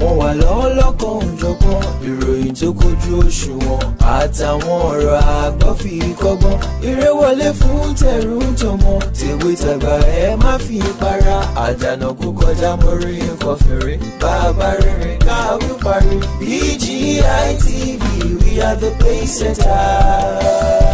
wọ́n wà lọ́wọ́ lọ́kàn òjọ̀gbọ́n ìròyìn tó kojú òṣùwọ̀n àtàwọn ọ̀rọ̀ àgbọ́ fi kọ́gbọ́n eré wọlé fún tẹ̀rù tọmọ tèwe tàgbà ẹ má fi para àdànà kú kọjá mọ́rí nǹkan fèrè bàbá rere káwí parí BGITV, we are the pace setters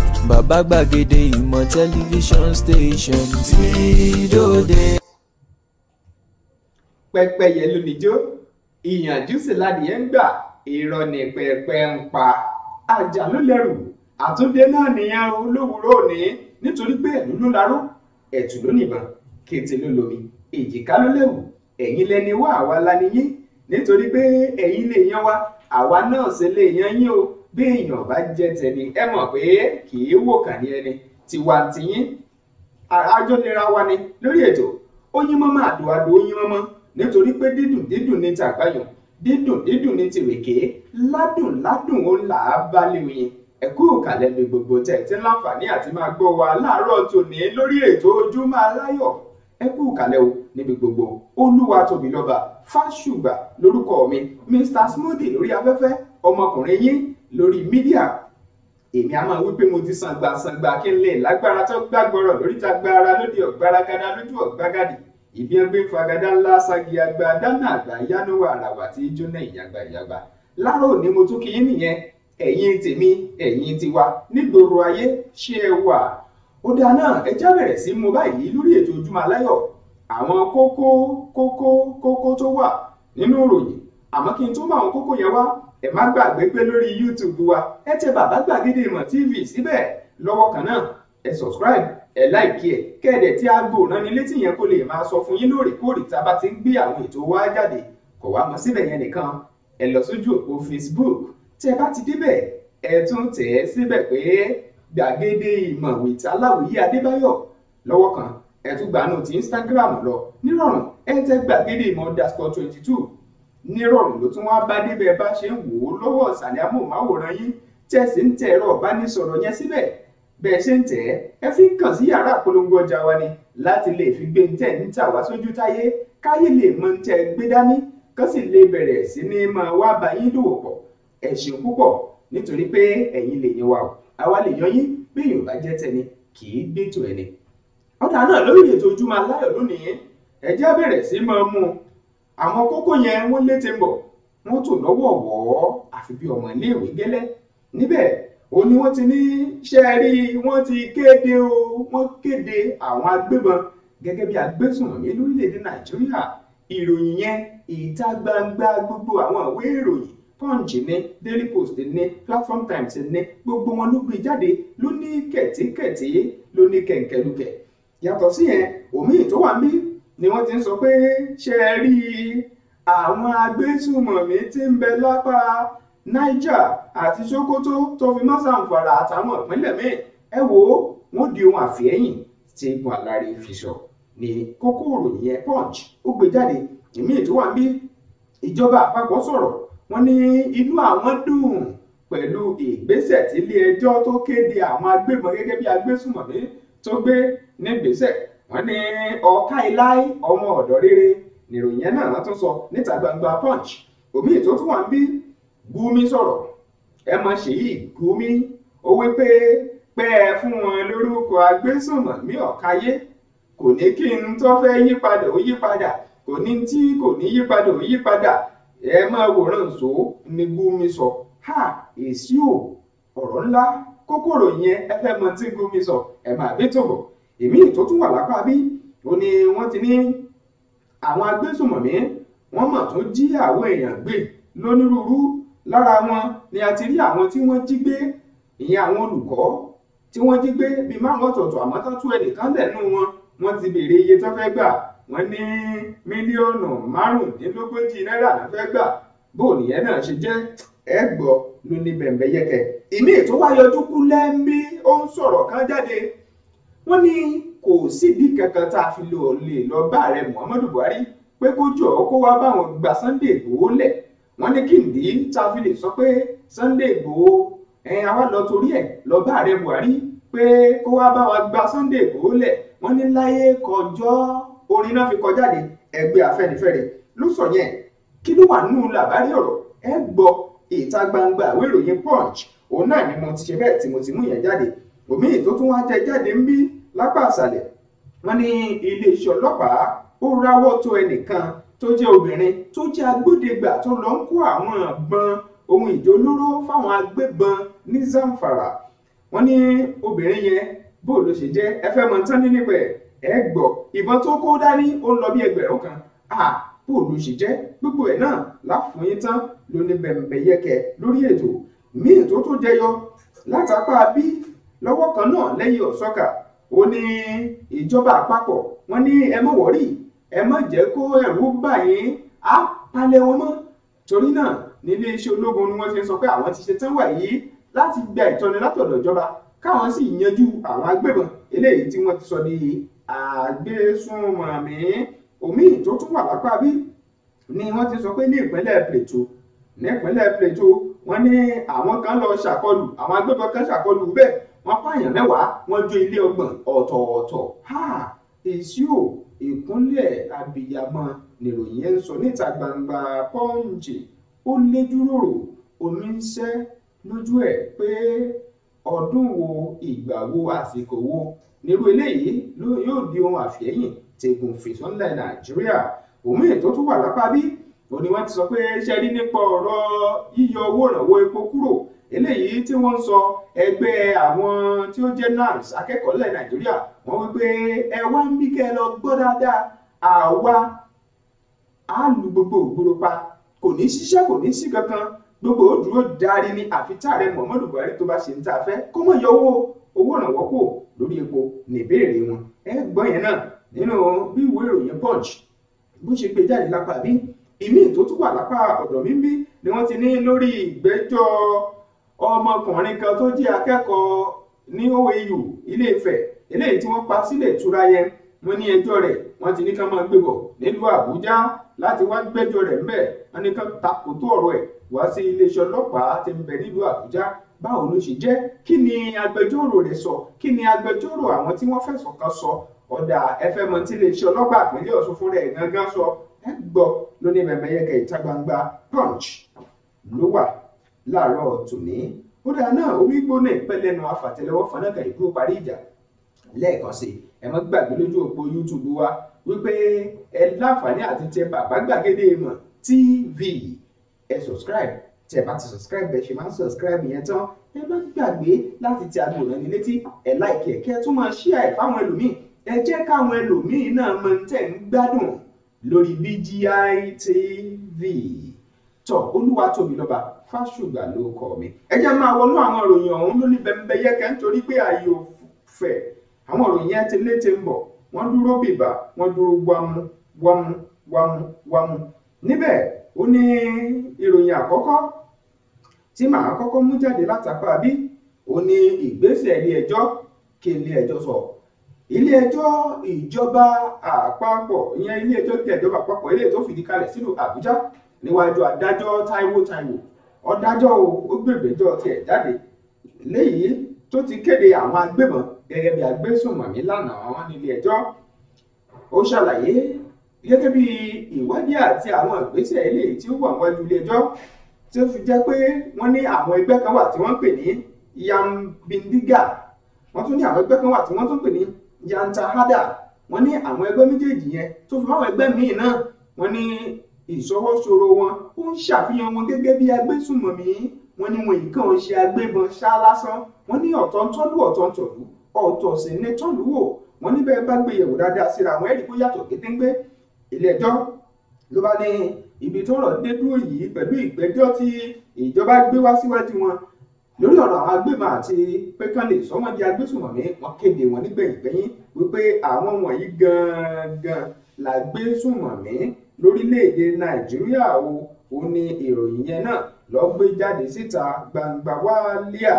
bàbá gbàgede ìmọ̀ tẹlifíṣọ̀n station tí dòde. pẹ́pẹ́yẹ lónìjó ìyànjú sì ládìyẹ ń gbà irọ́ ni pẹ́pẹ́ ń pa ajá ló lẹ́rù àtúndé náà nìyẹn olówùúrọ̀ òní nítorí pé ẹ̀lú ló laró ẹ̀tù ló nìbọn kété ló lomi èjìká ló lẹ́wù ẹ̀yin lẹni wá àwa la niyín nítorí pé ẹ̀yin lè yan wa àwa náà ṣe lè yan yín o bí èèyàn bá jẹ́ tẹni ẹ mọ̀ pé kì í wò kàn ní ẹni tiwa tiyín àjọnira wa ni lórí ètò oyin mọ́mọ́ àdó àdó oyin mọ́mọ́ nítorí pé dídùn dídùn ní tàgbáyàn dídùn dídùn ní tìrèké ládùn ládùn ó là á balẹ̀ oyin ẹ̀kú òkàlẹ̀ mi gbogbo tẹ̀ tí láǹfààní àti máa gbọ́ wa láàárọ̀ tòní lórí ètò ojúmọ́ aláyọ̀ ẹkú ìkàlẹ̀ o níbi gbogbo olúwa tóbi lọ́ba fáṣùgbà lórúkọ mi mr smoothie lórí afẹ́fẹ́ ọmọkùnrin yín lórí mídíà èmi a máa wípé mo ti sàngbà sàngbà kí n lè lágbára tó gbàgbọrọ lóríta gbára lóde ọgbàragada lójú ọgbàgàdì ìbí ẹgbẹ fagada ńlá sagi agba dáná àgbà yánúwà àràwà tí jóná ìyàgbà ìyàgbà láàárọ̀ òní mo tún kí yín nìyẹn ẹ̀yin tèmi ẹ̀yin tiwa nígboro ayé ṣé ẹ wà ó dáa náà ẹ já bẹ̀rẹ̀ sí mo báyìí lórí ètò ojúmọ́ aláyọ̀ àwọn kókó kókó kókó tó wà nínú ìròyìn àmọ́ kí n tó mọ àwọn kókó yẹn wá ẹ má gbàgbé pé lórí youtube wa ẹ tẹ bàbá gbàgede ìmọ̀ tv síbẹ̀ lọ́wọ́ kan náà ẹ subscribe ẹ láìkí ẹ kẹ́ẹ̀dẹ̀ tí ni ìránnilétí yẹn kó lè máa sọ fún yín lóòrèkóòrè tá a bá ti ń gbé àwọn ètò wa jáde kò wá mọ́ síbẹ̀ yẹn nìkan ẹ lọ sójú òpó facebook tẹ bá ti débẹ̀ ẹ tún tẹ̀ ẹ́ síbẹ̀ pé gbàgede ìmọ̀ wìtí aláwòye adébáyọ̀ lọ́wọ́ kan ẹ tún gbanú ti instagram lọ nírọ̀rùn ẹ tẹ gbàgede ìmọ̀ underscore twenty two nírọ̀rùn ló tún wá bá débẹ̀ bá ṣe ń wò ó lọ́wọ́ ìsàlẹ̀ amóhùnmáwòrán yín tẹ̀sí ń tẹ ẹ̀rọ ìbánisọ̀rọ̀ yẹn síbẹ̀ bẹ́ẹ̀ ṣe ń tẹ̀ ẹ́ ẹ fi kàn sí yàrá wa ni láti lè fi gbé ń tẹ̀ ń sójú táyé káyé lè mọ ń gbé dání kán sì lè bẹ̀rẹ̀ sí ní wá bá yín wa o àwa lè yan yín bí yorùbá jẹ́ tẹni kì í ẹni. ọ̀dà náà lórí ètò Ojúmọ́ Aláyọ̀ lónìí bẹ̀rẹ̀ sí àwọn kókó yẹn wọ́n létè ń bọ̀ wọ́n tò lọ́wọ̀ọ̀wọ́ àfi bí ọmọ iléèwé gẹ́lẹ́ níbẹ̀ ó ní wọ́n ti ní ṣe rí wọ́n ti kéde o wọ́n kéde àwọn agbébọn gẹ́gẹ́ bí agbésùnmọ̀mí lórílẹ̀‐èdè nàìjíríà ìròyìn yẹn ìta gbangba gbogbo àwọn ìwé ìròyìn punch ní daily post ní platform times ní gbogbo wọn ló gbé jáde ló ní kẹ̀tíkẹ̀tí ló ní kẹ̀kẹ́lùkẹ̀ yàtọ̀ síyẹn òmíì tó wà ń bí ni wọ́n ti ń sọ pé ṣe é rí àwọn agbésùmọ̀mí tí ń bẹ lápá Niger àti Sokoto tó fi mọ́ Zamfara àtàwọn ìpínlẹ̀ míì ẹ wò ó wọ́n di ohun àfihẹ́yìn tí Buhari fi sọ ní kókó ìròyìn yẹn Punch ó gbé jáde ìmí ìdíwọ̀n bí ìjọba àpapọ̀ sọ̀rọ̀ wọ́n ní inú àwọn dùn pẹ̀lú ìgbésẹ̀ tí ilé ẹjọ́ tó kéde àwọn agbébọn gẹ́gẹ́ bí agbésùmọ̀mí tó gbé nígbésẹ̀ wọ́n ní ọ̀ka iláí ọmọ ọ̀dọ́ rere nìròyìn yẹn náà tún sọ níta gbangba punch omi tó tún wà ń bí Gumi sọ̀rọ̀ ẹ mọ Ṣèyí Gumi ó wí pé pẹ́ ẹ fún wọn lórúkọ agbésùnmọ̀mí ọ̀káyé kò ní kí n tó fẹ́ yípadà ó yípadà kò ní tí kò ní yípadà ó yípadà ẹ máa wòran ṣó ni Gumi sọ ha èsì ò ọ̀rọ̀ ńlá kókòrò yẹn ẹ fẹ́ mọ tí Gumi sọ ẹ máa bí tòbọ̀. èmi tó tún wà lápá bí ó ní wọ́n ti ní àwọn agbésùmọ̀mí wọ́n mọ̀ tún jí àwọn èèyàn gbé lónírúurú lára wọn ni a ti rí àwọn tí wọ́n jí gbé ìyẹn àwọn olùkọ́ tí wọ́n jí gbé bíi márùn ọ̀tọ̀ọ̀tọ̀ àmọ́ tán tú ẹnìkan lẹ́nu wọn wọ́n ti béèrè iye tó fẹ́ gbà wọ́n ní mílíọ̀nù márùndínlógójì náírà ló fẹ́ gbà bó nìyẹn náà ṣe jẹ́ ẹ gbọ́ ló ní bẹ̀m̀bẹ̀ yẹkẹ ìmí tó wá yọjú kú lẹ́mí ó ń sọ̀rọ̀ kan jáde wọ́n ní kò síbi kankan tá a fi lò lè lọ bá ààrẹ Muhammadu Buhari pé kó jọ kó wá báwọn gba Sunday Ìgbòho lẹ̀ wọ́n ní kí nìdí tá a fi lè sọ pé Sunday Ìgbòho ẹ̀yìn àwa lọ torí ẹ̀ lọ bá ààrẹ Buhari pé kó wá bá wa gba Sunday Ìgbòho lẹ̀ wọ́n ní láyé kọjọ́ orin náà fi kọjáde ẹgbẹ́ Afẹ́nifẹ́re ló sọ yẹn kí ló wà nínú làbárí ọ̀rọ̀ ẹ gbọ́ ìta gbangba àwéròyìn Punch òun náà ni mo ti ṣe bẹ́ẹ̀ tí mo ti mú yẹn jáde òmíì tó tún wá jẹ jáde ń bí lápá àṣàlẹ̀ wọ́n ní iléeṣẹ́ ọlọ́pàá ó ráwọ́ tó ẹnìkan tó jẹ́ obìnrin tó jẹ́ agbódegbà tó lọ ń kó àwọn àgbọn ohun ìjó olóró fáwọn agbébọn ní Zamfara wọ́n ní obìnrin yẹn bó ló ṣe jẹ́ ẹ fẹ́ mọ̀ tán ní nípa ẹ̀ ẹ gbọ́ ìbọn tó kó dání ó ń lọ bí ẹgbẹ̀rún kan bó ló ṣe jẹ́ gbogbo ẹ̀ náà láfòyín tán ló ní bẹ̀m̀bẹ̀ yẹkẹ lórí ètò míì tó tún jẹyọ látàpá bí lọ́wọ́ kan náà lẹ́yìn ọ̀sọ́kà ó ní ìjọba àpapọ̀ wọn ní ẹ mọ̀ wọ́rí ẹ mọ̀ jẹ́ kó ẹ̀rú bà yín á palẹ̀ wọn mọ́ torí náà nílé iṣẹ́ ológun ni wọ́n ti sọ pé àwọn ti ṣetán wà yìí láti gba ìtọ́ni látọ̀dọ̀ ìjọba káwọn sì yanjú àwọn agbébọn eléyìí tí wọ́n ti sọ di àgbésùnmọ̀mí omi tó tún wà lápá bí ni wọ́n ti sọ pé ní ìpínlẹ̀ Plateau ní ìpínlẹ̀ Plateau wọ́n ní àwọn kan lọ ṣàkọlù àwọn agbébọn kan ṣàkọlù bẹ́ẹ̀ wọ́n pààyàn mẹ́wàá wọ́n jó ilé ọgbọ̀n ọ̀tọ̀ọ̀tọ̀ èsì ò ìkúnlẹ̀ abiyamọ nìròyìn ẹ̀ ń sọ níta gbangba pọ́ǹjì ó lédúròrò omi ń ṣẹ́ lójú ẹ̀ pé ọdún wo ìgbà wo àsìkò wo nírú eléyìí yóò di ohun àfẹ́yìn tẹ̀gùn fìsọ́nlẹ̀ nàìjíríà òmí ètò tó wà lápá bí òní wọ́n ti sọ pé ṣẹ́rí nípa ọ̀rọ̀ yíyọ owó ìrànwọ́ epo kúrò eléyìí tí wọ́n ń sọ ẹgbẹ́ àwọn tí ó jẹ́ NANS akẹ́kọ̀ọ́ lẹ̀ Nàìjíríà wọ́n wí pé ẹ wá ń bí kẹ́ ẹ lọ gbọ́ dáadáa àwa á lu gbogbo ògbóró pa kò ní ṣiṣẹ́ kò ní sí kankan gbogbo ó dúró darí ni àfi táàrẹ Muhammadu Buhari tó bá ṣe ń tà fẹ́ kó mọ̀ yọ owó owó ìrànwọ́ kù lórí epo níbèrè wọn ẹ gbọ́ yẹn náà nínú bí ìwé ìròyìn Punch bó ṣe gbé jáde lápá bí ìmí tó tún wà lápá ọ̀dọ̀ mi bí ni wọ́n ti ní lórí ìgbẹ́jọ́ ọmọkùnrin kan tó jẹ́ akẹ́kọ̀ọ́ ní OAU Ilé-Ifẹ̀ eléyìí tí wọ́n pa sílẹ̀ ìtura yẹn wọ́n ní ẹjọ́ rẹ̀ wọ́n ti ní ká máa gbé nílùú Àbújá láti wá gbẹ́jọ́ rẹ̀ ńbẹ̀ wọ́n ní ká takòtó ọ̀rọ̀ ẹ̀ wá sí iléeṣẹ́ ọlọ́pàá tí ń bẹ nílùú Àbújá báwo ló ṣe jẹ́ kí ni agbẹjọ́rò rẹ̀ sọ kí ni agbẹjọ́rò àwọn tí wọ́n fẹ̀sùn kàn sọ ọ̀dà fm tí iléeṣẹ́ ọlọ́pàá ìpínlẹ̀ Ọ̀ṣun fúnra ẹ̀ gangan sọ ẹ gbọ́ lóní mẹ̀mẹ́yẹkẹ̀ ìta gbangba Punch ló wà láàárọ̀ tòní kódà náà omi gbóná ìpẹlẹnu afàtẹ́lẹwọ́ fanáka ìdúró parí ìjà lẹ́ẹ̀kan sí ẹ má gbàgbé lójú òpó youtube wa wípé ẹ láǹfààní àti tẹ bàbá gbàgede ìmọ̀ tv ẹ subscribe tẹ bá ti subscribe bẹ ṣe máa ń subscribe yẹn tán ẹ má gbàgbé láti tẹ aago ìrànní létí ẹ láìkẹ kẹ tún máa share ẹ fáwọn ẹlòmíì ẹ jẹ́ káwọn ẹlòmíì náà mọ̀ tẹ́ ń gbádùn lórí BGI TV tọ olúwa tóbi lọ́ba fáṣùgbà ló kọ mi ẹ jẹ́ máa wọnú àwọn ìròyìn ọ̀hún ló ní bẹ́ńbẹ́yẹ́kẹ́ nítorí pé ààyè ò fẹ̀ àwọn ìròyìn ẹ ti létè ń bọ̀ wọ́n dúró bìbà wọ́n dúró wámú wámú wámú wámú níbẹ̀ ó ní ìròyìn àkọ́kọ́ tí màá kọ́kọ́ mú jáde látàpá bí ó ní ìgbésẹ̀ ilé ẹjọ́ kí ilé ẹjọ́ sọ ilé ẹjọ́ ìjọba àpapọ̀ ìyẹn ilé ẹjọ́ tẹ̀jọba àpapọ̀ ilé tó fìdí kalẹ̀ sínú Àbújá níwájú adájọ́ Táíwò Táíwò ọ̀dájọ́ ó gbègbèjọ́ tiẹ̀ jáde léyìí tó ti kéde àwọn agbébọn gẹ́gẹ́ bí agbésùnmọ̀mí lánàá nílé ẹjọ́ ó ṣàlàyé gẹ́gẹ́ bí ìwádìí àti àwọn ìgbésẹ̀ eléyìí tí ó wà wájú ilé ẹjọ́ tí ó fi jẹ́ pé wọ́n ní àwọn ẹgbẹ́ kan wà tí wọ́n ń pè ní Yambindiga wọ́n tún ní àwọn ẹgbẹ́ kan wà tí wọ́n tún pè ní Yantahada wọ́n ní àwọn ẹgbẹ́ méjèèjì yẹn tó fi máwọn ẹgbẹ́ míì náà wọ́n ní ìṣọwọ́sọ̀rọ̀ wọn ó ń ṣàfihàn wọn gẹ́gẹ́ bí agbésùnmọ̀mí wọn ni wọn ìkan ṣe agbébọn ṣá lásán wọn ní ọ̀tọ̀ ń tọ́lú ní tọ́lú wò wọn níbẹ̀ bá gbé dáadáa síra àwọn ẹ̀rí kó yàtọ̀ gétéńgbé ilé ẹjọ́ ló bá ní ibi tó rọ̀ dé dúró yìí pẹ̀lú ìgbẹ́jọ́ tí ìjọba gbé wá síwájú wọn lórí ọ̀rọ̀ àwọn agbébọn àti pé kán lè sọ wọ́n di agbésùnmọ̀mí wọ́n kéde wọn nígbẹ̀yìngbẹ́yìn wípé àwọn wọ̀nyí gan-an la gbésùnmọ̀mí lórílẹ̀‐èdè nàìjíríà o ò ní ìròyìn yẹn náà lọ gbé jáde síta gbangba wálíà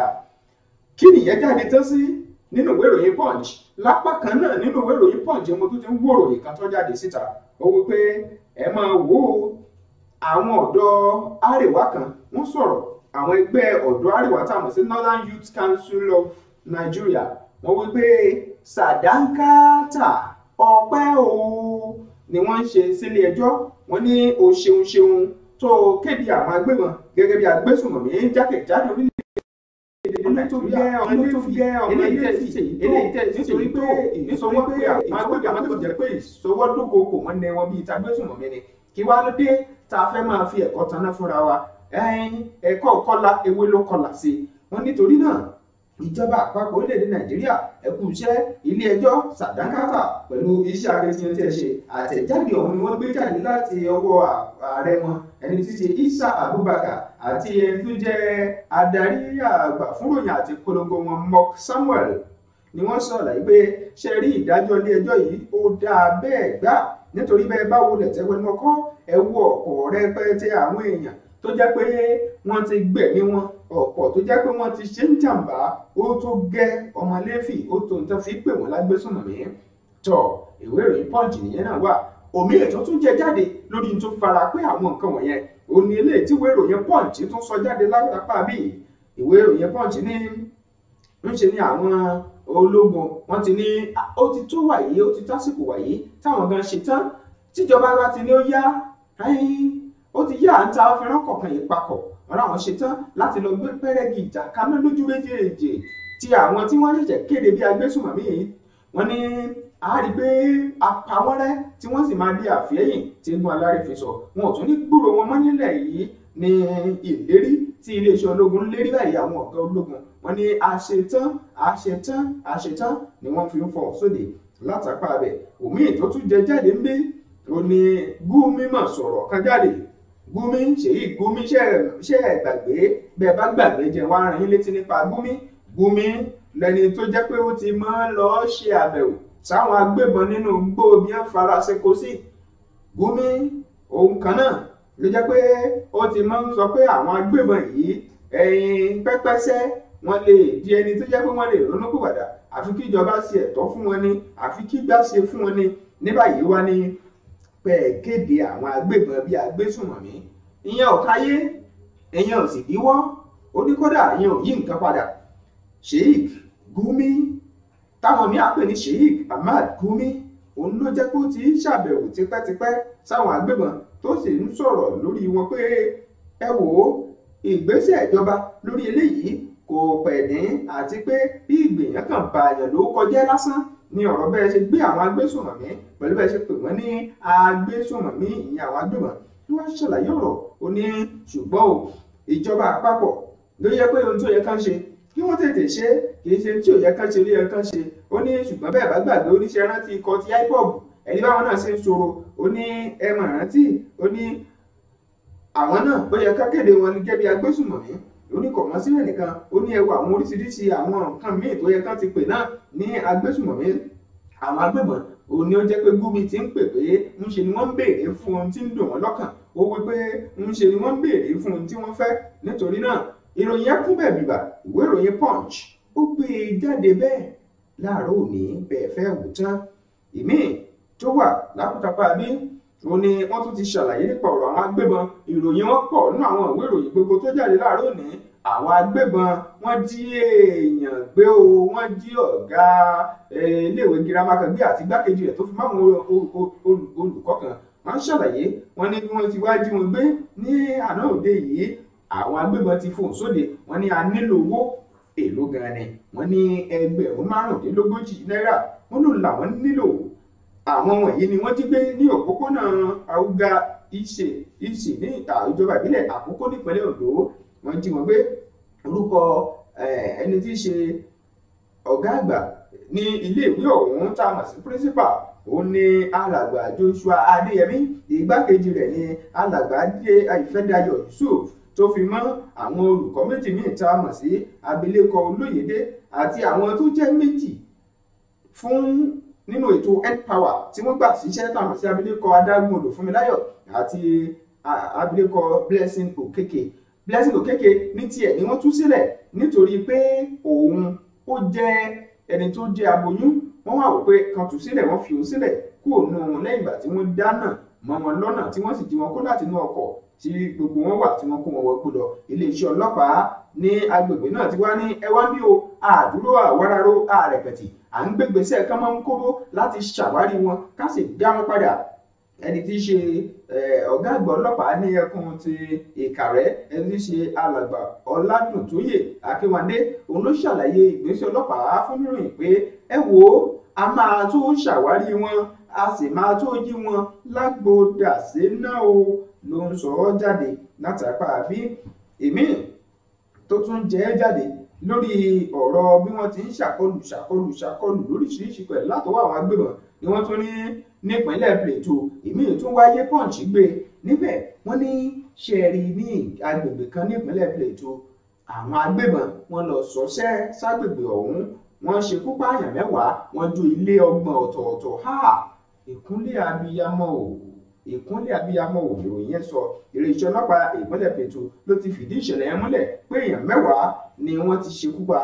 kí nìyẹn jáde tán sí nínú ìwé ìròyìn punch lápá kan náà nínú ìwé ìròyìn punch mo tún ti ń wòrò ìkan tó jáde síta ó wí pé ẹ máa wò àwọn ọ̀dọ́ àríwá kan wọ́n sọ̀rọ̀ àwọn ẹgbẹ́ ọ̀dọ́ àríwá táwọn sí northern youth council of nigeria wọ́n wí pé sàdánkátà ọpẹ́ o ni wọ́n ń ṣe sílé ẹjọ́ wọ́n ní o ṣeun ṣeun tó kéde àwọn agbébọn gẹ́gẹ́ bí agbésùnmọ̀mí jákèjádò orílẹ̀ kí wá ló dé tá a fẹ́ máa fi ẹ̀kọ́ taná fúnra wa ẹ̀kọ́ kọ́la ewé ló kọ́la sí i wọ́n nítorí náà ìjọba àpapọ̀ orílẹ̀-èdè nàìjíríà ẹkú iṣẹ́ ilé ẹjọ́ sàdánkátà pẹ̀lú iṣẹ́ akitiyan tí ṣe àtẹ̀jáde ọ̀hún ni wọ́n gbé jáde láti ọwọ́ ààrẹ wọn ẹni tí ṣe isa abubakar àti ẹni tó jẹ́ adarí àgbà fúnròyìn àti polongo wọn mock samuel ni wọ́n sọ̀rọ̀ pé ṣe rí ìdájọ́ ilé ẹjọ́ yìí ó dáa bẹ́ẹ̀ gbà nítorí bẹ́ẹ̀ báwo lẹ̀ tẹ́wẹ́ mọ́kọ́ ẹ̀wọ́ ọ̀pọ̀ rẹpẹtẹ àwọn èèyàn tó jẹ́ pé wọ́n ti gbẹ̀mí wọn ọ̀pọ̀ tó jẹ́ pé wọ́n ti ṣe ń jàǹbá ó tó gẹ́ ọmọ lẹ́fì ó tó nǹkan fi pè wọ́n lágbésùn mí tọ̀ ìwé ìròyìn punch nìyẹn náà wà òmí ètò tún jẹ jáde lórí tó fara pé àwọn nǹkan wọ̀nyẹn ò ní ilé tí ìwé ìròyìn punch tún sọ jáde lápapá bí ìwé ìròyìn punch ní ń ṣe ní àwọn ológun wọn ti ní ó ti tó wàyí ó ti tásìkò wàyí táwọn gan ṣe tán tíjọba bá ti ní ó yá ó ti yá à ń ta afẹ́rán kọ̀ọ̀kan yìí papọ̀ wọ́n láwọn ṣetán láti lọ gbé pẹ́rẹ́gì ìjà kaná lójú méjèèjì ti àwọn tí wọ́n ṣẹ̀ṣẹ̀ kéde bí agbésùnmọ̀mí yìí wọ́n ní a rí i pé apawọ́rẹ́ tí wọ́n sì máa di àfẹ́yìn Tinubu alárífin sọ wọn ò tún ní gbúrò wọn mọ́ nílẹ̀ yìí ní ìlérí tí iléeṣẹ́ ológun lérí báyìí àwọn ọ̀gá ológun wọ́n ní àṣetán àṣetán àṣetán ni wọ́n fi ń fọ sóde látàpá bẹ̀ òmíì tó tún jẹ jáde ń bí ó ní Gumi mà sọ̀rọ̀ kan jáde Gumi Ṣèyí Gumi ṣe é gbàgbé bẹ́ẹ̀ bá gbàgbé jẹ́ wá rìn létí nípa Gumi Gumi lẹni tó jẹ́ pé ó ti máa ń lọ ṣe àbẹ̀wò sáwọn agbébọn nínú gbó Biafra Sekosi Gumi ohun kan náà ló jẹ́ pé ó ti máa ń sọ pé àwọn agbébọn yìí ẹ̀yìn pẹ́pẹ́sẹ́ wọ́n lè di ẹni tó jẹ́ pé wọ́n lè ronúpìwàdà àfi kí ìjọba ṣe ẹ̀tọ́ fún wọn ni àfi kí gbà ṣe fún wọn ni ní báyìí wá ní pé ẹ kéde àwọn agbébọn bíi agbésùnmọ̀mí ìyẹn ò káyé ìyẹn ò sì díwọ́ ó ní kódà ìyẹn ò yí nǹkan padà sheik gumi táwọn míì àpè ní sheik ahmad gumi òun ló jẹ́ pé ó ti ṣàbẹ̀wò tipẹ́tipẹ́ sáwọn agbébọn tó sì ń sọ̀rọ̀ lórí wọn pé ẹ wò ó ìgbésẹ̀ ìjọba lórí eléyìí kò pẹ̀ ní àti pé bí ìgbìyànjú kan bàyàn ló kọjá lásán ni ọ̀rọ̀ bẹ́ẹ̀ ṣe gbé àwọn agbésùnmọ̀mí pẹ̀lú bẹ́ẹ̀ ṣe pè wọ́n ní agbésùnmọ̀mí ìyẹn àwọn agbébọn tí wọ́n ṣàlàyé ọ̀rọ̀ ó ní ṣùgbọ́n o ìjọba àpapọ̀ ló yẹ pé ohun tó yẹ kán ṣe kí wọ́n tètè ṣe kì í ṣe tí ò yẹ kán ṣe ló yẹ kán ṣe ó ní ṣùgbọ́n bẹ́ẹ̀ bá gbàgbé oníṣẹ́ rántí ikọ̀ ti ipob ẹni báwọn náà ṣe ń ṣòro ó ní ẹ mọ̀ rántí ó ní àwọn náà ó yẹ ká kéde wọn gẹ́gẹ́ bí agbésùnmọ̀mí ó ní kọ̀mọ́sílẹ̀ nìkan ó ní ẹwà àwọn oríṣiríṣi àwọn nǹkan míì tó yẹ kán ti pè náà ní agbésùmọ̀mí àwọn agbébọn òun ni ó jẹ́ pé Gumi ti ń pè pé ń ṣe ni wọ́n ń béèrè fún ohun tí ń dùn wọ́n lọ́kàn ó wí pé ń ṣe ni wọ́n ń béèrè fún ohun tí wọ́n fẹ́ nítorí náà ìròyìn yẹn bẹ́ẹ̀ bìbà ìwé ìròyìn Punch ó gbé e jáde bẹ́ẹ̀ láàárọ̀ òní bẹ́ẹ̀ fẹ́ wò tán ìmíì tó wà lákòótápá bí ó ní wọ́n tún ti ṣàlàyé nípa ọ̀rọ̀ àwọn agbébọn ìròyìn wọn pọ̀ nínú àwọn ìwé ìròyìn gbogbo tó jáde láàárọ̀ òní àwọn agbébọn wọ́n jí èèyàn gbé o wọ́n jí ọ̀gá eh, iléèwé girama kan gbé àti igbákejì rẹ̀ tó fi máwọn olùkọ́ kan wọ́n ṣàlàyé wọ́n ní bí wọ́n ti wá jí wọn gbé ní àná òde yìí àwọn agbébọn ti fohùn sóde wọ́n ní a nílò owó èló gan ni wọ́n ní ẹgbẹ̀rún márùndínlógójì náírà wọ́n lò làwọn nílò àwọn wọ̀nyí ni wọ́n ti gbé ní òpópónà àwùgá ìṣe ìṣe ní ìjọba ìbílẹ̀ àkókò nípínlẹ̀ Ondo wọ́n jí wọn gbé orúkọ ẹni tí í ṣe ọ̀gá àgbà ní iléèwé ọ̀hún tá a mọ̀ sí principal òun ni alàgbà Joshua Adéyẹmí igbákejì rẹ̀ ni alàgbà Ìfẹ́dayọ̀ Yusuf tó fi mọ́ àwọn olùkọ́ méjì míì tá a mọ̀ sí abilékọ Olóyèdé àti àwọn tó jẹ́ méjì fún nínú ètò NPower tí wọ́n gbà síṣẹ́ tá sí abilékọ adágún odò Fúnmiláyọ̀ àti abilékọ Blessing Okeke Blessing Okeke ní tiẹ̀ ni wọ́n tú sílẹ̀ nítorí pé òun ó jẹ́ ẹni tó jẹ́ aboyún wọ́n wà wò pé kan tú sílẹ̀ wọ́n fi òun sílẹ̀ kúrò nù wọn lẹ́yìn ìgbà tí wọ́n dáná mọ́ wọn lọ́nà tí wọ́n sì jí wọn kó láti inú ọkọ̀ tí gbogbo wọn wà tí wọ́n kó wọn wọgbó lọ iléeṣẹ́ ọlọ́pàá ní agbègbè náà ti wá ní ẹwà bí o àdúró àwararó àrẹ̀pẹ̀tì à ń gbégbèsè kán máa ń kóró láti ṣàwárí wọn ká sì dá wọn padà ẹni tí í ṣe eh, ọ̀gá àgbà ọlọ́pàá ní ẹkùn ti ìkàrẹ́ ẹni tí í ṣe alàgbà ọládùntóyè akínwádé òun ló ṣàlàyé ìgbésẹ̀ ọlọ́pàá fún mìíràn pé ẹ wò ó a máa tó ṣàwárí wọn a sì máa tó yí wọn lágbo dàsé náà o ló ń sọ ọ́ jáde látàpá bí èmi tó tún jẹ́ jáde lórí ọ̀rọ̀ bí wọ́n ti ń ṣàkọlù ṣàkọlù ṣàkọlù lóríṣiríṣi pẹ̀lú látọwọ́ àwọn agbébọn ni wọ́n tún ní nípínlẹ̀ Plateau èmi tún wáyé Punch gbé níbẹ̀ wọ́n ní ṣẹ́ẹ̀rì ní agbègbè kan nípínlẹ̀ Plateau àwọn agbébọn wọ́n lọ sọṣẹ́ ságbègbè ọ̀hún wọ́n ṣekú pààyàn mẹ́wàá wọ́n ju ilé ọgbọ̀n ọ̀tọ̀ọ̀tọ̀ ha ìkúnlẹ̀ abiyamọ o ìkúnlẹ̀ abiyamọ o ìròyìn yẹn sọ iléeṣẹ́ ọlọ́pàá ìpínlẹ̀ Plateau ló ti fìdí ìṣẹ̀lẹ̀ yẹn múlẹ̀ pé èèyàn mẹ́wàá ni wọ́n ti ṣekú pa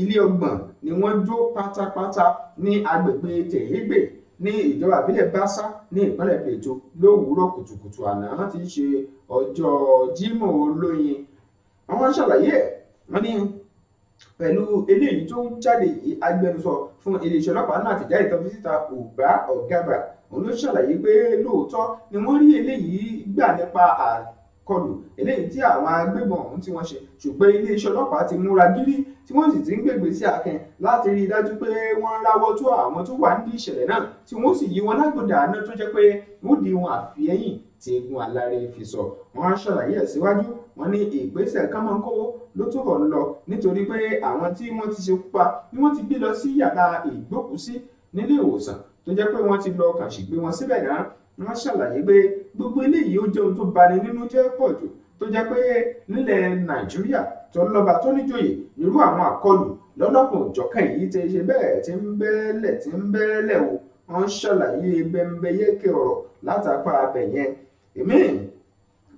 ilé ọgbọ̀n ni wọ́n jó pátápátá ní agbègbè tẹ̀yẹ́gbè ní ìjọba ìbílẹ̀ báṣá ní ìpínlẹ̀ plateau lówùúrọ̀ kùtùkùtù àná ti ṣe ọjọ́ Jímọ̀ olóyin àwọn ṣàlàyé ẹ̀ wọ́n ní pẹ̀lú eléyìí tó ń jáde yìí agbẹnusọ fún iléeṣẹ́ ọlọ́pàá náà ti jáde tọ́jú síta ọ̀gá ọ̀gábà òun ló ṣàlàyé pé lóòótọ́ ni wọ́n rí eléyìí gbà nípa ìkọlù eléyìí tí àwọn agbébọn ọ̀hún tí wọ́n ṣe ṣùgbọ́n iléeṣẹ́ ọlọ́pàá ti múra gírí tí wọ́n sì ti ń gbègbè sí akin láti rí i dájú pé wọ́n ráwọ́ tó àwọn tó wà nídìí ìṣẹ̀lẹ̀ náà tí wọ́n sì yí wọn lágbòdà àná tó jẹ́ pé wọ́n di wọn àfihẹ́yìn tí egun alárè fi sọ wọ́n á ṣàlàyé ẹ̀ síwájú wọ́n ní ìgbésẹ̀ kan ló túbọ̀ ń lọ nítorí pé àwọn tí wọ́n ti ṣekú pa ni wọ́n ti gbé lọ sí yàrá ìgbókùúsí nílé ìwòsàn tó jẹ́ pé wọ́n ti lọ kàn gbé wọn síbẹ̀ náà wọ́n ṣàlàyé pé gbogbo eléyìí ó jẹ́ ohun tó bani nínú jẹ́ pọ̀ jù tó jẹ́ pé nílẹ̀ nàìjíríà tó lọ́ba tó níjòyè irú àwọn àkọlù lọ́lọ́kùn òjọ̀kan yìí ti ṣe bẹ́ẹ̀ ti ń bẹ́ẹ̀lẹ̀ ti ń bẹ́ẹ̀lẹ̀ o wọ́n ṣàlàyé bẹ́ńbẹ́yẹ́kẹ́ ọ̀rọ̀ látàpá abẹ yẹn èmi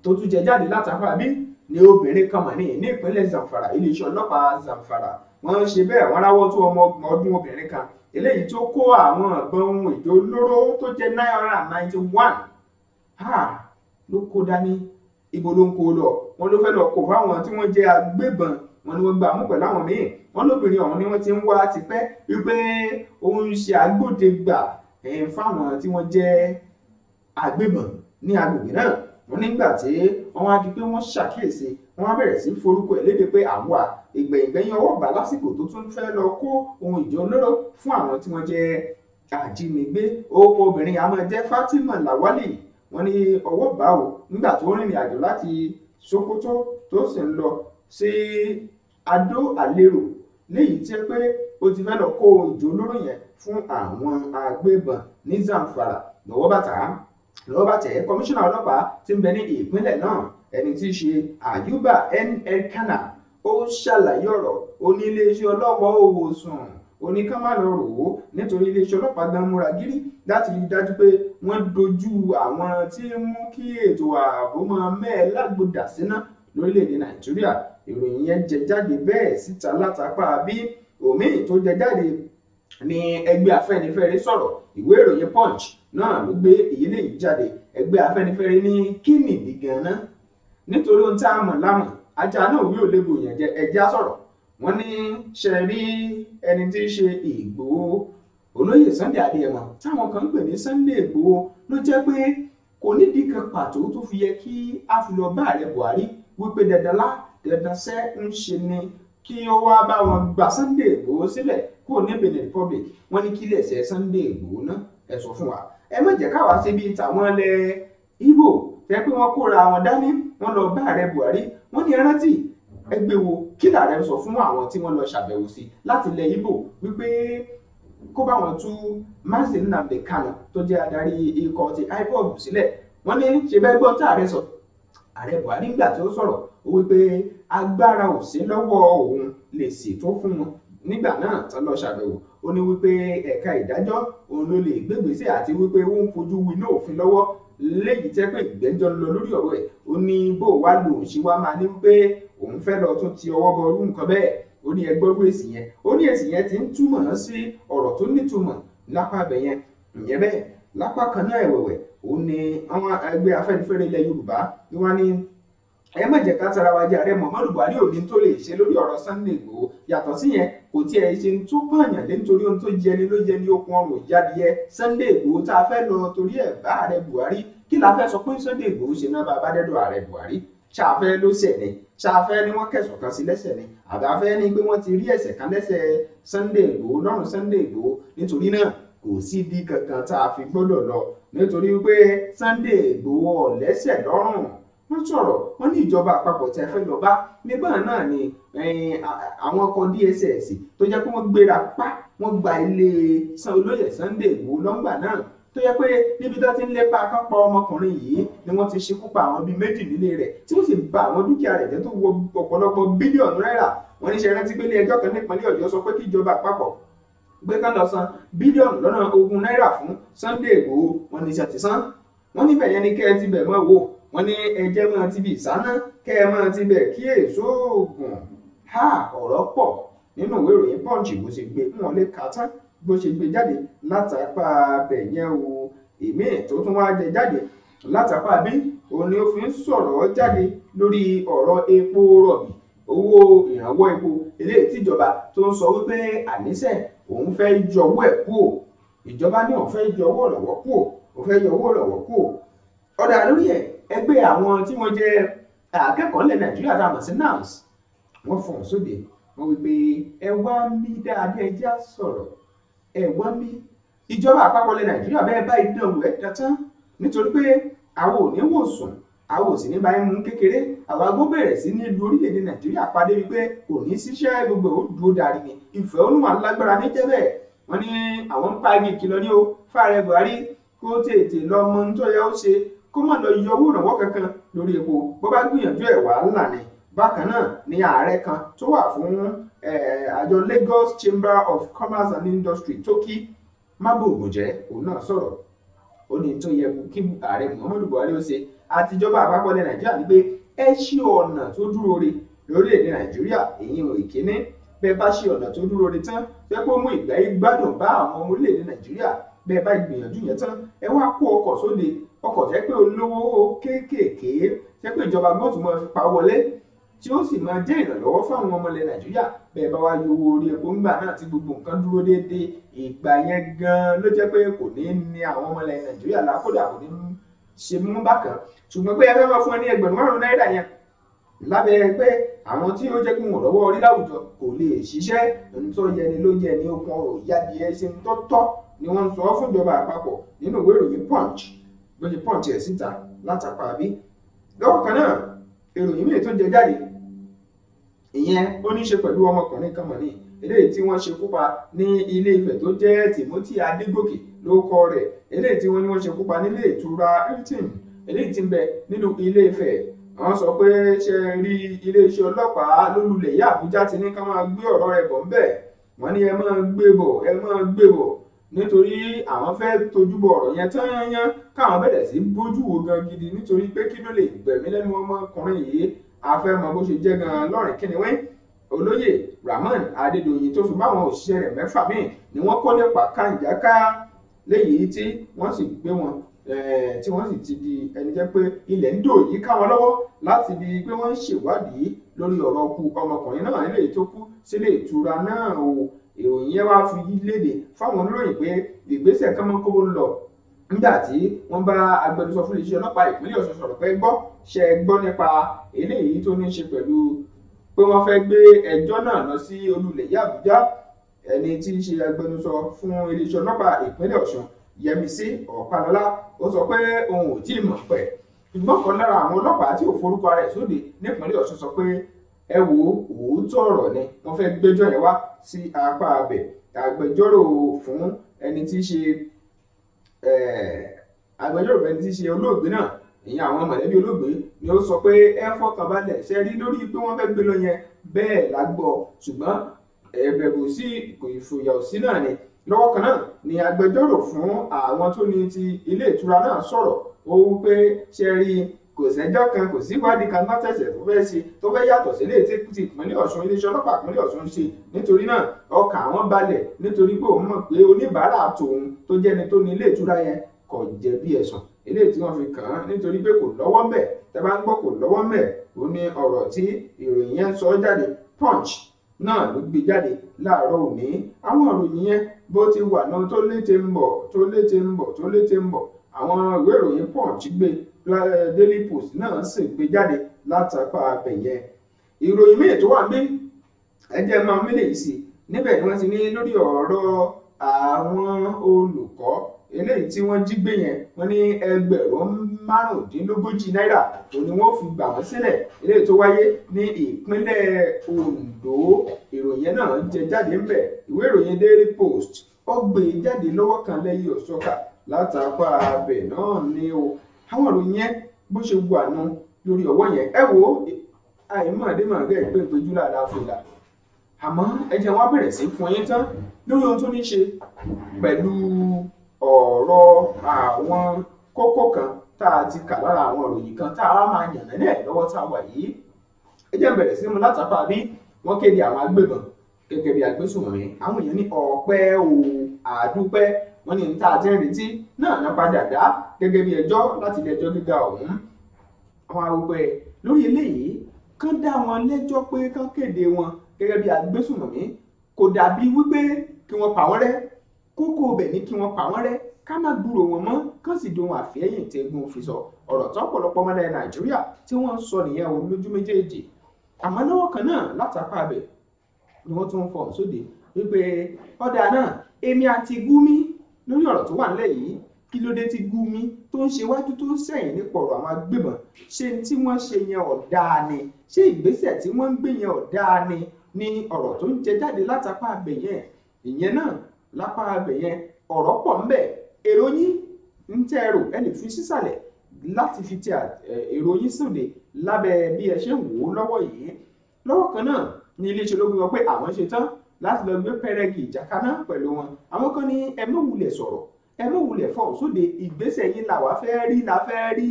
tó tún jẹ jáde látàpá bí ni obìnrin kan mọ̀ ní ìpínlẹ̀ zamfara iléeṣẹ́ ọlọ́pàá zamfara wọ́n ń ṣe bẹ́ẹ̀ wọ́n ráwọ́ tó ọmọ ọgbọ̀n ọdún obìnrin kan eléyìí tó kó àwọn ọ̀gbọ́n ohun èdè olóró tó jẹ́ náírà ninety one ló kó dání ibo ló ń kó lọ wọ́n ló fẹ́ lọ kó fáwọn tí wọ́n jẹ́ agbébọn wọ́n ní wọ́n gbà mú pẹ̀lú àwọn míì wọ́n lóbìnrin ọ̀hún ni wọ́n ti ń wá tipẹ́ wípé òun ṣe àgbòdegbà eh, fáwọn tí wọ́n jẹ́ agbébọn ní agbègbè náà wọ́n nígbà tí wọ́n wá di pé wọ́n ṣàkíyèsí wọ́n á bẹ̀rẹ̀ sí forúkọ ẹ̀ léde pé àwọn ìgbẹ̀yìngbẹ̀yìn ọwọ́ bá lásìkò tó tún fẹ́ lọ kó ohun ìjọ olóró fún àwọn tí wọ́n jẹ́ ajínigbé orúkọ obìnrin àmọ́ jẹ́ Fatima Lawali wọ́n ní ọwọ́ bá o nígbà tó rìnrìn àjò láti Sokoto tó sì ń lọ sí Adó Àlérò léyìí tí pé ó ti fẹ́ lọ kó ohun ìjọ olóró yẹn fún àwọn agbébọn ní Zamfara lọ́wọ́ bàtà lọ́wọ́ bàtà kọmíṣánná ọlọ́pàá ti ń bẹ ní ìpínlẹ̀ náà ẹni tí í ṣe Ayuba N Elkana ó ṣàlàyé ọ̀rọ̀ ó ní iléeṣẹ́ ọlọ́pàá òwò sùn ó ní ká má lọ rò ó nítorí iléeṣẹ́ ọlọ́pàá gan múra gírí láti rí dájú pé wọ́n dojú àwọn tí ń mú kí ètò ààbò máa mẹ́ẹ̀ lágbódà síná lórílẹ̀‐èdè Nàìjíríà ìròyìn yẹn jẹ jáde bẹ́ẹ̀ síta látàpá bí òmíì tó jẹ jáde ní ẹgbẹ́ Afẹ́nifẹ́re sọ̀rọ̀ ìwé ìròyìn Punch náà ló gbé èyí lè jáde ẹgbẹ́ Afẹ́nifẹ́re ní kí nìdí gan nítorí ohun tí a mọ̀ lámọ̀ ajá náà wí ò lébo yẹn jẹ ẹjẹ́ á sọ̀rọ̀ wọ́n ní ṣe rí ẹni tí í ṣe Ìgbòho olóyè Sunday Adéyẹmọ táwọn kan ń pè ní Sunday Ìgbòho ló jẹ́ pé kò nídìí kan pàtó tó fi yẹ kí a fi lọ bá ààrẹ Buhari wípé dandan lá ń ṣe ni kí ó wá bá wọn gba Sunday Ìgbòho sílẹ̀ kúrò ní Benin Republic wọ́n ní kílẹ̀ ṣe Sunday Ìgbòho náà ẹ sọ fún wa ẹ má jẹ́ káwa ṣe bíi ilẹ̀ Ìgbò tẹ́ pé wọ́n kóra wọn dání wọ́n lọ bá ààrẹ buhari wọ́n ní ẹ rántí ẹgbẹ́ wo kí làárẹ̀ sọ fún àwọn tí wọ́n lọ ṣàbẹ̀wò sí láti ilẹ̀ Ìgbò wípé kó bá wọn tú Mazi Nnamdi Kanu tó jẹ́ adarí ikọ̀ ti IPOB sílẹ̀ wọ́n ní ṣe bẹ́ẹ̀ gbọ́ tá ààrẹ sọ ààrẹ Buhari nígbà tí ó sọ̀rọ̀ ó wípé agbára ò sí lọ́wọ́ òun lè sì tó fún wọn nígbà náà tán lọ ṣàbẹ̀wò ó ní wípé ẹ̀ka ìdájọ́ òun ló lè gbégbèsè àti wípé ó ń fojú winá òfin lọ́wọ́ léyìí tẹ́ pé ìgbẹ́jọ́ lọ lórí ọ̀rọ̀ ẹ̀ ó ní bó wá lòun ṣe wá máa ní pé òun fẹ́ lọ tún ti ọwọ́ bọ irú nǹkan bẹ́ẹ̀ ó ní ẹgbọ́rú èsì yẹn ó ní èsì yẹn ti ń túmọ̀ sí ọ̀rọ̀ tó nítumọ̀ lápá abẹ yẹn ìyẹn bẹ́ẹ̀ lápá kan náà ẹ̀wẹ̀wẹ̀ ó ní àwọn ẹgbẹ́ afẹ́nifẹ́re ilẹ̀ yorùbá ni wọ́n ní ẹ má jẹ́ ká tara wa jẹ́ ààrẹ buhari ò tó lè ṣe lórí ọ̀rọ̀ sunday igbòho yàtọ̀ síyẹn kò tiẹ̀ ṣe ń tó pààyàn lé nítorí ohun tó jẹni ló jẹni okun ọrùn ìyádìí Sunday Igboho tá a fẹ́ lọ torí ẹ̀ bá ààrẹ Buhari kí la fẹ́ sọ pé Sunday Igboho ṣe náà bá abádẹ́dọ̀ ààrẹ Buhari ṣàfẹ́ ló ṣẹ̀ ni ṣàfẹ́ ni wọ́n kẹ̀sùn kan sí lẹ́sẹ̀ ni àbáfẹ́ ni pé wọ́n ti rí ẹ̀ṣẹ̀ kan lẹ́sẹ̀ Sunday Igboho lọ́rùn Sunday Igboho nítorí náà kò síbi kankan tá a fi gbọ́dọ̀ lọ nítorí pé Sunday Igboho ọ̀lẹ́sẹ̀ lọ́rùn wọ́n sọ̀rọ̀ wọ́n ní ìjọba àpapọ̀ tẹ́ fẹ́ lọ bá nígbà náà ni àwọn ọkọ̀ DSS tó jẹ́ pé wọ́n gbéra pa wọ́n gba ilé san olóyè Sunday Igboho lọ́ngbà náà tó yẹ pé níbi tó ti ń lépa akọ́pọ̀ ọmọkùnrin yìí ni wọ́n ti ṣekú pa àwọn bíi méjì nílé rẹ̀ tí wọ́n sì ba àwọn dúkìá rẹ̀ jẹ́ tó wọ ọ̀pọ̀lọpọ̀ bílíọ̀nù náírà wọ́n ní ṣe rántí pé ilé ẹjọ́ kan nípínlẹ̀ Ọ̀yọ́ sọ pé kí ìjọba àpapọ̀ gbé kán lọ san bílíọ̀nù lọ́nà ogún náírà fún Sunday Igboho wọ́n ní ṣe ti san wọ́n níbẹ̀ yẹn ni kẹ́ ẹ ti bẹ̀ mọ́ wò wọ́n ní ẹjẹ́ mọ́ ti bì sáná kẹ́ ẹ mọ́ ti bẹ̀ kí èso oògùn ha ọ̀rọ̀ pọ̀ nínú ìwé ìròyìn punch bó ṣe gbé wọn lè kà tán bó ṣe gbé jáde látàpá abẹ yẹn o èmi tó tún wá jẹ jáde látàpá bí òun ni ó fi ń sọ̀rọ̀ jáde lórí ọ̀rọ̀ epo rọ̀bì owó ìrànwọ́ epo eléyìí tíjọba tó ń sọ wípé àníṣe òun fẹ́ yọwọ́ ẹ̀ kúò ìjọba ní òun fẹ́ yọwọ́ ìrànwọ́ kúò òun fẹ́ yọwọ́ ìrànwọ́ kúò ọ̀dà lórí ẹ̀ ẹgbẹ́ àwọn tí wọ́n jẹ́ akẹ́kọ̀ọ́ ilẹ̀ Nàìjíríà tá a mọ̀ sí NAMS wọ́n fọ̀n sóde wọ́n wí pé ẹ wá mí dáadé ẹ já sọ̀rọ̀ ẹ wá mí ìjọba àpapọ̀ ilẹ̀ nàìjíríà bẹ́ẹ̀ báyìí náà wù ẹ́ dátán nítorí pé àwọn ò ní wò sùn àwọn ò sì ní báyìí mú kékeré àwọn agbó bẹ̀rẹ̀ sí ní ìlú orílẹ̀-èdè nàìjíríà padé wípé kò ní ṣiṣẹ́ gbogbo ó dúró darí ni ìfẹ́ olúwa lágbára ní jẹ́ bẹ́ẹ̀ wọ́n ní àwọn ń pa igi ìkìlọ̀ ní o fààrẹ buhari kó tètè lọ mọ ohun tó yẹ ó ṣe kó má lọ yọ owó ìrànwọ́ kankan lórí epo bó bá gbìyànjú ẹ̀ wàhálà ni bákan náà ni ààrẹ kan tó wà fún àjọ Lagos Chamber of Commerce and Industry Toki Mabogunjẹ òun náà sọ̀rọ̀ ó ní tó yẹ kí ààrẹ Muhammadu Buhari ó ṣe àtijọba àpapọ̀ ilẹ̀ Nàìjíríà ni pé ẹ ṣí ọ̀nà tó dúró re lórílẹ̀‐èdè Nàìjíríà èyí ò ìkíní bẹ́ẹ̀ bá ṣe ọ̀nà tó dúró re tán fẹ́ kó mú ìgbà gbádùn bá àwọn ọmọ orílẹ̀‐èdè Nàìjíríà bẹ́ẹ̀ bá gbìyànjú yẹn tán ẹ wá kó ọkọ̀ sóde ọkọ̀ jẹ́ pé olówó kéékèèké jẹ́ pé ìjọba gbọ́dọ̀ mọ̀ fi wọlé tí ó sì máa jẹ́ ìrànlọ́wọ́ fáwọn ọmọ ilẹ̀ nàìjíríà bẹ́ẹ̀ bá wá yọ owó orí epo ńgbà náà tí gbogbo nǹkan dúró déédéé ìgbà yẹn gan-an ló jẹ́ pé kò ní ní àwọn ọmọ ilẹ̀ nàìjíríà lákòdà kò ní ṣe mú bákan ṣùgbọ́n pé afẹ́fẹ́ fún ẹ ní ẹgbẹ̀rún márùn-ún náírà yẹn lábẹ́ pé àwọn tí ó jẹ́ kí wọn lọ́wọ́ orí láwùjọ kò lè ṣiṣẹ́ ntọ́ yẹni ló yẹ ń punch ló punch ẹ̀ síta látàpá bí. lọ́wọ́ kan náà ìròyìn míì tó jẹ jáde ìyẹn ó ní í ṣe pẹ̀lú ọmọkùnrin kan mọ̀ ní eléyìí tí wọ́n ṣekú pa ní ilé Ifẹ̀ tó jẹ́ Timothy Adégòkè ló kọ rẹ̀ eléyìí tí wọ́n ní wọ́n ṣekú pa nílé ìtura Hilton eléyìí tí ń bẹ nínú ilé Ifẹ̀ wọ́n sọ pé ṣe rí iléeṣẹ́ ọlọ́pàá lólulẹ̀ yá Àbújá ti ní ká máa gbé ọ̀rọ̀ rẹ̀ bọ̀ ńbẹ̀ wọ́n ní ẹ máa gbé bọ̀ ẹ máa gbé bọ̀ nítorí àwọn fẹ́ tojú bọ ọ̀rọ̀ yẹn tán yányán káwọn bẹ̀rẹ̀ sí bójú wo gan gidi nítorí pé kí ló lè gbẹ̀mí lẹ́nu ọmọkùnrin yìí afẹ́mọ bó ṣe jẹ́ gan-an lọ́rìn kíniwín olóyè Rahmon Adédoyin tó fi báwọn òṣìṣẹ́ rẹ̀ mẹ́fà míì ni wọ́n kó nípa kàǹjáká léyìí tí wọ́n sì gbé wọn tí wọ́n sì ti di ẹni jẹ́ pé ilẹ̀ ń dò yí ká lọ́wọ́ láti di pé wọ́n ń ṣèwádìí lórí ọ̀rọ̀ ọkù ọmọkùnrin náà nílé tó kú sílé ìtura náà o ìròyìn yẹn wá fi léde fáwọn olóyìn pé ìgbésẹ̀ kánmọ́kówó ń lọ nígbà tí wọ́n bá agbẹnusọ fún iléeṣẹ́ ọlọ́pàá ìpínlẹ̀ Ọ̀ṣun sọ̀rọ̀ pé gbọ́ ṣe gbọ́ nípa eléyìí tó ní í ṣe pẹ̀lú pé wọ́n fẹ́ gbé ẹjọ́ náà lọ sí olùlẹ̀yẹ Àbújá ẹni tí í ṣe agbẹnusọ fún iléeṣẹ́ ọlọ́pàá ìpínlẹ̀ Ọ̀ṣun Yẹmisí Ọ̀pálọ́lá ó sọ pé òun ò tí ì mọ̀ pẹ̀ ṣùgbọ́n kan lára àwọn ọlọ́pàá tí ò forúkọ rẹ̀ sóde nípínlẹ̀ Ọ̀ṣun sọ pé ẹ wo òótọ́ ọ̀rọ̀ ni wọ́n fẹ́ gbẹ́jọ́ yẹn wá sí apá abẹ̀ agbẹjọ́rò fún ẹni tí í ṣe Eh, agbẹjọ́rò bẹ́ẹ̀ ti ṣe olóògbé náà ìyẹn àwọn mọ̀lẹ́bí olóògbé ni ó sọ pé ẹ fọkàn balẹ̀ ṣe rí lórí pé wọ́n fẹ́ gbé lọ yẹn bẹ́ẹ̀ lágbọ́ ṣùgbọ́n ẹ̀bẹ̀rù sí kò ìfòyà òsì náà ni lọ́wọ́ kan náà ni agbẹjọ́rò fún àwọn tó ní ti ilé ìtura náà sọ̀rọ̀ ó wí pé ṣe rí kò sẹ́jọ́ kan kò sí ìwádìí kan náà tẹ̀sẹ̀ tó fẹ́ ṣe tó fẹ́ yàtọ̀ sí ilé tí ti ìpínlẹ̀ Ọ̀ṣun iléeṣẹ́ ọlọ́pàá ìpínlẹ̀ Ọ̀ṣun ṣe nítorí náà ọkàn àwọn balẹ̀ nítorí pé òun mọ̀ pé oníbàárà tòun tó jẹ́ni tó ní ilé ìtura yẹn kò jẹ̀bi ẹ̀sùn eléyìí tí wọ́n fi kàn án nítorí pé kò lọ́wọ́ ńbẹ̀ tẹ́ bá ń gbọ́ kò lọ́wọ́ ńbẹ̀ ó ní ọ̀rọ̀ tí ìròyìn yẹn sọ punch náà ló gbé jáde láàárọ̀ òní àwọn ìròyìn yẹn bó ti wà náà tó lété ń bọ̀ tó lété ń bọ̀ tó punch Eh, Daily Post náà sì gbé jáde látàpá abẹ̀ yẹn ìròyìn míì tó wà ń bí ẹjẹ máa mílè yìí sí níbẹ̀ ni wọ́n ti ní lórí ọ̀rọ̀ àwọn olùkọ́ eléyìí tí wọ́n jí gbé yẹn wọ́n ní ẹgbẹ̀rún márùndínlógójì náírà tó ni wọ́n fi gbà wọ́n sílẹ̀ eléyìí tó wáyé ní ìpínlẹ̀ Ondo ìròyìn náà jẹ jáde ńbẹ̀ ìwé ìròyìn Daily Post ó gbé e jáde lọ́wọ́ kan lẹ́yìn òṣọ́kà látàpá abẹ̀ náà ni o àwọn ìròyìn yẹn bó ṣe wù àná lórí ọwọ́ yẹn ẹ wo àìmọ̀dé màgá ìpè ìpéjú láàlá fòlà àmọ́ ẹ jẹ́ wá bẹ̀rẹ̀ sí fún yín tán lórí ohun tó ní ṣe pẹ̀lú ọ̀rọ̀ àwọn kókó kan tá a ti kà lára àwọn ìròyìn kan tá a wá máa yàn lẹ́lẹ̀ lọ́wọ́ tá a wà yìí ẹ jẹ́ bẹ̀rẹ̀ sí mu látàpá bí wọ́n kéde àwọn agbébọn gẹ́gẹ́ bí agbésùnmọ̀mí àwọn èèyàn ní ọ̀pẹ́ o àdúpẹ́ wọ́n ní ní tá a ti ń retí náà ná padà dá gẹ́gẹ́ bí ẹjọ́ láti ilé-ẹjọ́ gíga ọ̀hún àwọn arúgbó ẹ̀ lórí eléyìí kán dá wọn lẹ́jọ́ pé kán kéde wọn gẹ́gẹ́ bí agbésùnmọ̀mí kò dàbí wípé kí wọ́n pa wọ́n rẹ́ kókó ibẹ̀ ni kí wọ́n pa wọ́n rẹ́ ká má gbúrò wọn mọ́ kán sì dohun àfẹ́yìn tẹ́gun fi sọ ọ̀rọ̀ tó ọ̀pọ̀lọpọ̀ ọmọlẹ̀ nàìjíríà tí wọ́n ń sọ nìyẹn o lójú méjèèjì àmọ́ lọ́wọ́ kan náà látàpá abẹ ni wọ́n tún ń fọ̀n sóde wípé ọ̀dà náà èmi àti Gumi lórí ọ̀rọ̀ tó wà nílẹ̀ yìí kí ló dé tí Gumi tó ń ṣe wájú tó ń sẹ̀yìn nípa ọ̀rọ̀ àwọn agbébọn ṣé tí wọ́n ṣe yẹn ọ̀dáa ni ṣé ìgbésẹ̀ tí wọ́n ń gbé yẹn ọ̀dáa ni ni ọ̀rọ̀ tó ń jẹ jáde látapá abẹ̀ yẹn ìyẹn náà lápá abẹ̀ yẹn ọ̀rọ̀ pọ̀ ńbẹ̀ èrò yín ń tẹ́ ẹrù ẹ fi sísàlẹ̀ láti fi ti èrò yín sóde lábẹ́ bí ẹ ṣe ń wò ó lọ́wọ́ yìí lọ́wọ́ kan náà ni iléeṣẹ́ ológun sọ pé àwọn ṣe tán láti lọ gbé pẹrẹgì ìjà kaná pẹ̀lú wọn àwọn kan ní ẹ mọ̀ wulẹ̀ sọ̀rọ̀ ẹ mọ̀ wulẹ̀ fọ́ sóde ìgbésẹ̀ yín làwa fẹ́ rí la fẹ́ rí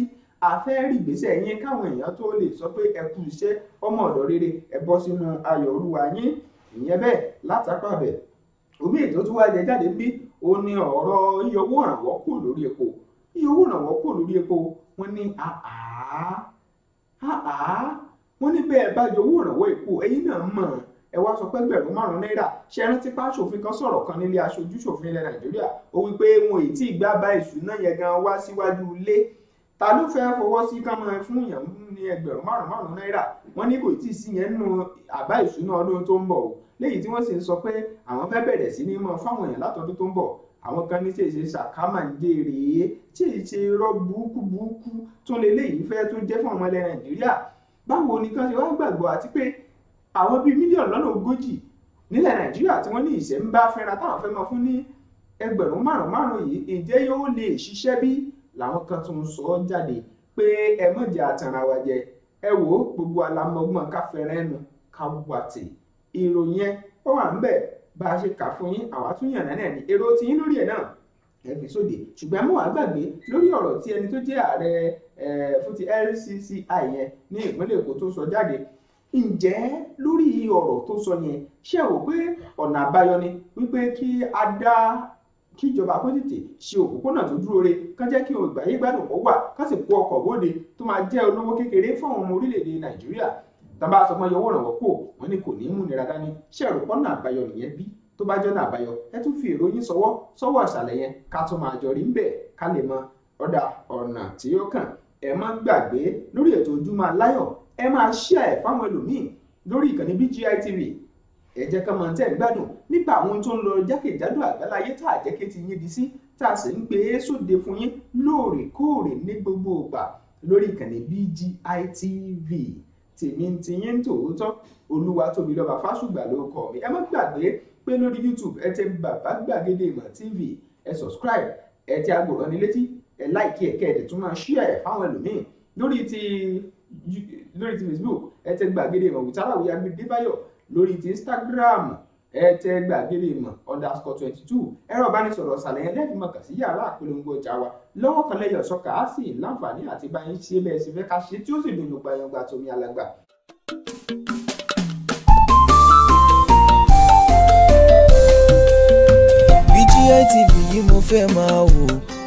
a fẹ́ rí ìgbésẹ̀ yín káwọn èèyàn tó lè sọ pé ẹ kú iṣẹ́ ọmọ ọ̀dọ̀ rere ẹ bọ́ sínú ayọ̀ olúwa yín ìyẹn bẹ́ẹ̀ látàpá bẹ̀ omi ètò tó wáyé jáde bí ó ní ọ̀rọ̀ iye owó ìrànwọ́ kù lórí epo iye owó ìrànwọ́ kù lórí epo wọ́n ní àá àá wọ́n ní bẹ́ẹ̀ bá yọ owó ìrànwọ́ epo ẹ̀yin náà mọ̀ ẹ wá sọ pé ẹgbẹ̀rún márùn-ún náírà ṣe é rántí pa aṣòfin kan sọ̀rọ̀ kan nílé aṣojú ṣòfin ilẹ̀ nàìjíríà ó wí pé wọn ì tí ì gbá bá ìṣúná yẹn gan wá síwájú ilé ta ló fẹ́ fọwọ́ sí ká máa fún yàn ní ẹgbẹ̀rún márùn-ún márùn-ún náírà wọ́n ní kò tí ì sí yẹn nínú àbá ìṣúná ọdún tó ń bọ̀ o léyìí tí wọ́n sì ń sọ pé àwọn fẹ́ bẹ̀rẹ̀ sí ní máa fáwọn èèyàn látọdún tó ń bọ̀ àwọn kan ní tí èsì ṣàkámàǹdé rèé tí èsì rọ burúkú burúkú tún lè léyìí fẹ́ tún jẹ́ fún ọmọ ilẹ̀ nàìjíríà báwo ni kan ṣe wá gbàgbọ́ àti pé àwọn bíi mílíọ̀nù lọ́nà ogójì nílẹ̀ nàìjíríà tí wọ́n ní ìṣẹ̀ǹbá fínra táwọn fẹ́ máa fún ní ẹgbẹ̀rún márùn márùn yìí ǹjẹ́ yóò lè ṣiṣẹ́ bí làwọn kan tún sọ ọ́ jáde pé ẹ mọ̀jẹ̀ àtàrà wa jẹ ẹ wò ó gbogbo alamọgbọ́n ká fẹ́rẹ́ ẹnu ká wà tì ìròyìn ẹ ó wà ń bẹ̀ bá a ṣe kà fún yín àwa tún yàn náà ní èrò tí yín lórí ẹ̀ náà ẹ fi sóde ṣùgbọ́n mo wá gbàgbé lórí ọ̀rọ̀ tí ẹni tó jẹ́ ààrẹ fún ti LCCI yẹn ní ìpínlẹ̀ Èkó tó sọ jáde ǹjẹ́ lórí ọ̀rọ̀ tó sọ yẹn ṣé ò pé ọ̀nà àbáyọ ni wípé kí a dá kí ìjọba kó tètè ṣe òpópónà tó dúró re kán jẹ́ kí ìgbà yìí gbádùn kó wà ká sì kó ọkọ̀ bóde tó máa jẹ́ olówó kékeré fún àwọn ọmọ orílẹ̀-èdè nàìjíríà tàbá sọ pé yọwọ́ ìrànwọ́ kò wọ́n ní kò ní mú nira dání ṣé ẹ̀rọ pọ́nà àbáyọ nìyẹn bí tó bá jọ́nà àbáyọ ẹ tún fi èrò yín sọwọ́ sọ́wọ́ àṣàlẹ̀ yẹn ká tún máa jọ rí ńbẹ̀ ká lè mọ ọ̀dà ọ̀nà tí ó kàn ẹ má gbàgbé lórí ètò ojúmọ́ aláyọ̀ ẹ máa share ẹ̀ fáwọn ẹlòmíì lórí ìkànnì BGI TV ẹ jẹ́ ká máa tẹ̀ ń gbádùn nípa àwọn ohun tó ń lọ jákèjádò àgbáláyé tá a jẹ́ kí ti yín di sí tá a sì ń gbé sóde fún yín lóòrèkóòrè ní gbogbo ìgbà lórí ìkànnì BGI TV tèmi ń ti yín tòótọ́ olúwa tóbi lọ́ba fásùgbà ló kọ́ mi ẹ má gbàgbé pé lórí YouTube ẹ tẹ bàbá gbàgede ìmọ̀ TV ẹ subscribe ẹ tẹ agbòrán ní létí ẹ láìkí ẹ kẹ́ ẹ dẹ̀ tún máa ṣí ẹ fáwọn ẹlòmíì lórí ti lórí ti facebook ẹ tẹ gbàgede ìmọ̀ with aláwìyé agbèdébáyọ̀ lórí ti instagram ẹ tẹ gbàgede ìmọ̀ underscore twenty two ẹ̀rọ ìbánisọ̀rọ̀ ṣàlẹ̀ yẹn lẹ́ẹ̀fì mọ̀kà sí yàrá àpolongo ọjà wa lọ́wọ́ kan lẹ́yọ̀ sọ́kà á sì láǹfààní àti báyìí ṣe bẹ́ẹ̀ ṣe fẹ́ ká ṣe tí ó sì dùn lùgbà tómi alàgbà BGI TV yìí mo fẹ́ máa wò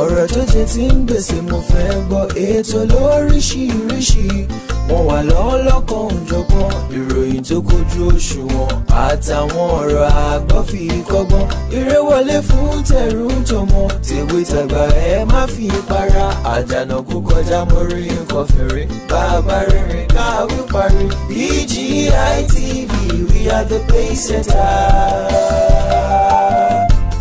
ọ̀rọ̀ tó jẹ ti ń gbèsè mo fẹ́ gbọ́ ètò lóríṣiríṣi wọ́n wà lọ́wọ́ lọ́kàn òjọ̀gbọ́n ìròyìn tó kojú òṣùwọ̀n àtàwọn ọ̀rọ̀ àgbọ́ fi kọ́gbọ́n eré wọlé fún tẹ̀rù tọmọ tèwe tàgbà ẹ má fi para àdànà kó kọjá mọ́rí nǹkan fèrè bàbá rìnrìn káwí parí BGI TV we are the pace setter